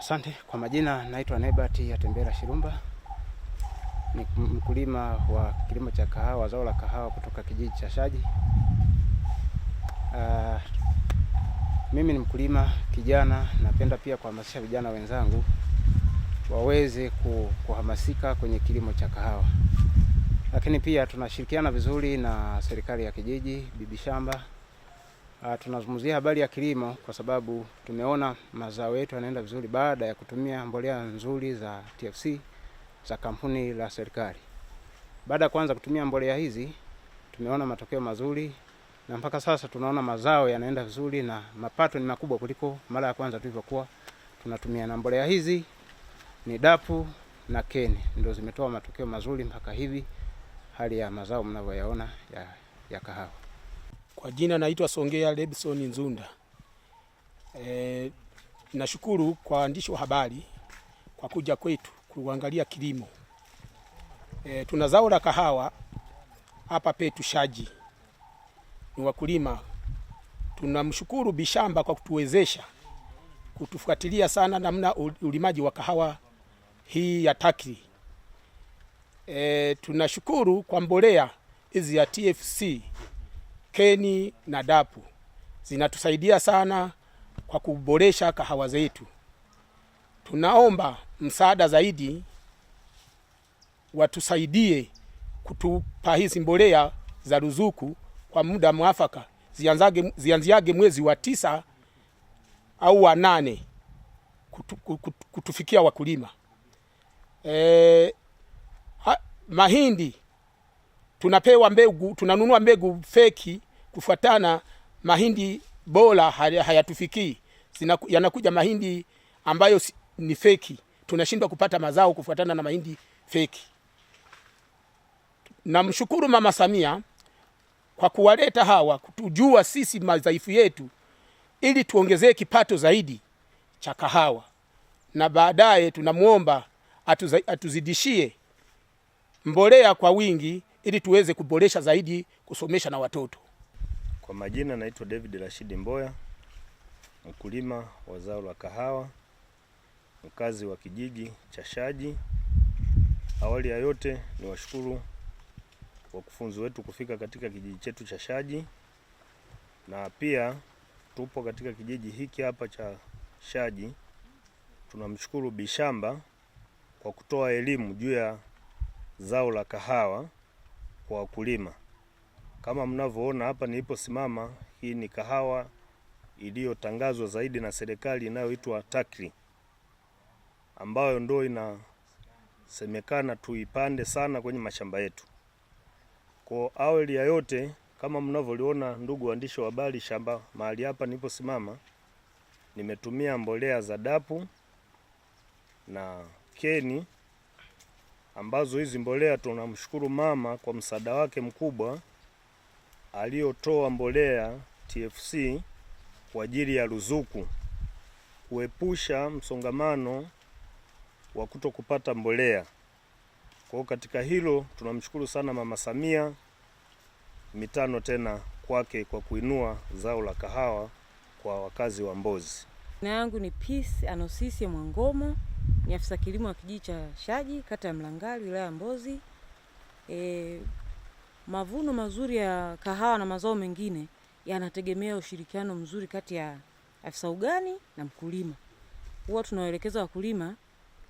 Asante kwa majina, naitwa ya tembera Shirumba, ni mkulima wa kilimo cha kahawa, zao la kahawa kutoka kijiji cha Shaji. Uh, mimi ni mkulima kijana, napenda pia kuhamasisha vijana wenzangu waweze kuhamasika kwenye kilimo cha kahawa, lakini pia tunashirikiana vizuri na serikali ya kijiji, bibi shamba Uh, tunazungumzia habari ya kilimo kwa sababu tumeona mazao yetu yanaenda vizuri baada ya kutumia mbolea nzuri za TFC za kampuni la serikali. Baada ya kuanza kutumia mbolea hizi tumeona matokeo mazuri na mpaka sasa tunaona mazao yanaenda vizuri na mapato ni makubwa kuliko mara ya kwanza tulivyokuwa tunatumia, na mbolea hizi ni dapu na keni ndio zimetoa matokeo mazuri mpaka hivi, hali ya mazao mnavyoyaona ya, ya kahawa. Kwa jina naitwa Songea Lebson Nzunda. E, nashukuru kwa waandishi wa habari kwa kuja kwetu kuangalia kilimo. E, tuna zao la kahawa hapa petu Shaji. Ni wakulima. Tunamshukuru Bishamba kwa kutuwezesha kutufuatilia sana namna ulimaji wa kahawa hii ya takri. E, eh, tunashukuru kwa mbolea hizi ya TFC keni na dapu zinatusaidia sana kwa kuboresha kahawa zetu. Tunaomba msaada zaidi, watusaidie kutupa hizi mbolea za ruzuku kwa muda mwafaka, zianziage mwezi wa tisa au wa nane kutu, kutu, kutufikia wakulima. E, ha, mahindi tunapewa mbegu, tunanunua mbegu feki kufuatana, mahindi bora hayatufikii, yanakuja mahindi ambayo ni feki, tunashindwa kupata mazao kufuatana na mahindi feki. Namshukuru Mama Samia kwa kuwaleta hawa kutujua sisi madhaifu yetu, ili tuongezee kipato zaidi cha kahawa, na baadaye tunamwomba atuzidishie mbolea kwa wingi ili tuweze kuboresha zaidi kusomesha na watoto. Kwa majina naitwa David Rashidi Mboya, mkulima wa zao la kahawa, mkazi wa kijiji cha Shaji. Awali ya yote ni washukuru wakufunzi wetu kufika katika kijiji chetu cha Shaji, na pia tupo katika kijiji hiki hapa cha Shaji. Tunamshukuru Bishamba kwa kutoa elimu juu ya zao la kahawa kwa wakulima. Kama mnavyoona hapa niliposimama, hii ni kahawa iliyotangazwa zaidi na serikali inayoitwa takri ambayo ndo inasemekana tuipande sana kwenye mashamba yetu. Kwa awali ya yote, kama mnavyoliona, ndugu waandishi wa habari, shamba mahali hapa niliposimama nimetumia mbolea za dapu na keni ambazo hizi mbolea tunamshukuru mama kwa msaada wake mkubwa aliyotoa mbolea TFC kwa ajili ya ruzuku kuepusha msongamano wa kuto kupata mbolea. Kwa hiyo katika hilo tunamshukuru sana Mama Samia, mitano tena kwake kwa kuinua zao la kahawa kwa wakazi wa Mbozi. Jina yangu ni Peace Anosisi Mwangomo ni afisa kilimo wa kijiji cha Shaji kata ya Mlangali wilaya ya Mbozi. E, mavuno mazuri ya kahawa na mazao mengine yanategemea ushirikiano mzuri kati ya afisa ugani na mkulima. Huwa tunawaelekeza wakulima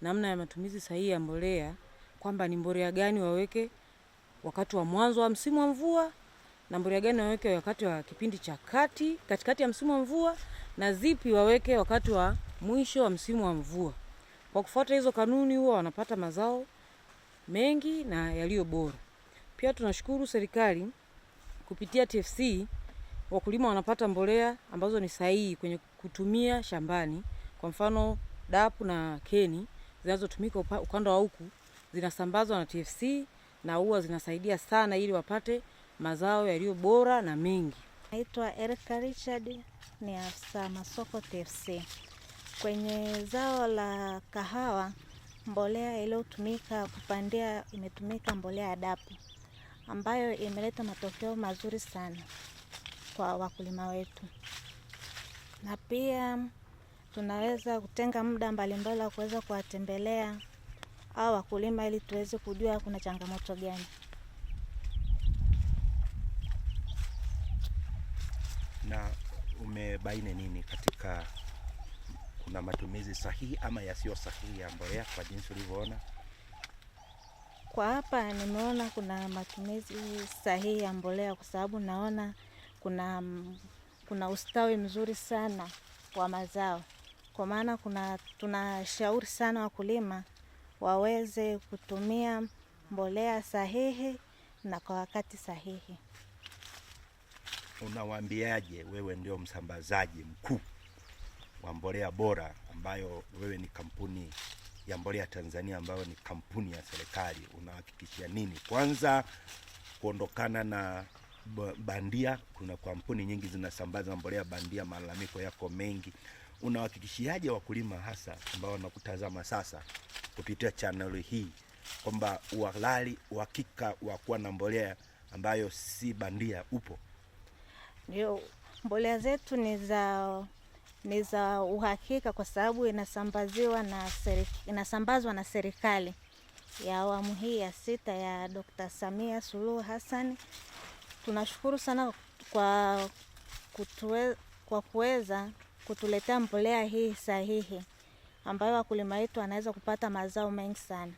namna ya matumizi sahihi ya mbolea, kwamba ni mbolea gani waweke wakati wa mwanzo wa msimu wa mvua na mbolea gani waweke wakati wa kipindi cha kati katikati ya msimu wa mvua na zipi waweke wakati wa mwisho wa msimu wa mvua. Kwa kufuata hizo kanuni, huwa wanapata mazao mengi na yaliyo bora. Pia tunashukuru serikali kupitia TFC, wakulima wanapata mbolea ambazo ni sahihi kwenye kutumia shambani. Kwa mfano DAP na keni zinazotumika ukanda wa huku zinasambazwa na TFC na huwa zinasaidia sana ili wapate mazao yaliyo bora na mengi. Naitwa Erika Richard, ni afisa masoko TFC. Kwenye zao la kahawa mbolea iliyotumika kupandia imetumika mbolea ya DAP ambayo imeleta matokeo mazuri sana kwa wakulima wetu, na pia tunaweza kutenga muda mbalimbali wa kuweza kuwatembelea au wakulima ili tuweze kujua kuna changamoto gani. Na umebaini nini katika kuna matumizi sahihi ama yasiyo sahihi ya mbolea kwa jinsi ulivyoona? Kwa hapa nimeona kuna matumizi sahihi ya mbolea kwa sababu naona kuna, kuna ustawi mzuri sana wa mazao, kwa maana kuna tunashauri sana wakulima waweze kutumia mbolea sahihi na kwa wakati sahihi. Unawaambiaje wewe, ndio msambazaji mkuu wa mbolea bora, ambayo wewe ni kampuni ya mbolea Tanzania, ambayo ni kampuni ya serikali, unahakikishia nini? Kwanza kuondokana na bandia. Kuna kampuni nyingi zinasambaza mbolea bandia, malalamiko yako mengi. Unawahakikishiaje wakulima hasa ambao wanakutazama sasa kupitia chaneli hii kwamba uhalali, uhakika wa kuwa na mbolea ambayo si bandia upo? Ndio, mbolea zetu ni za ni za uhakika kwa sababu inasambaziwa na inasambazwa na serikali ya awamu hii ya sita ya Dr. Samia Suluhu Hassan. Tunashukuru sana kwa kutuwe, kwa kuweza kutuletea mbolea hii sahihi ambayo wakulima wetu wanaweza kupata mazao mengi sana.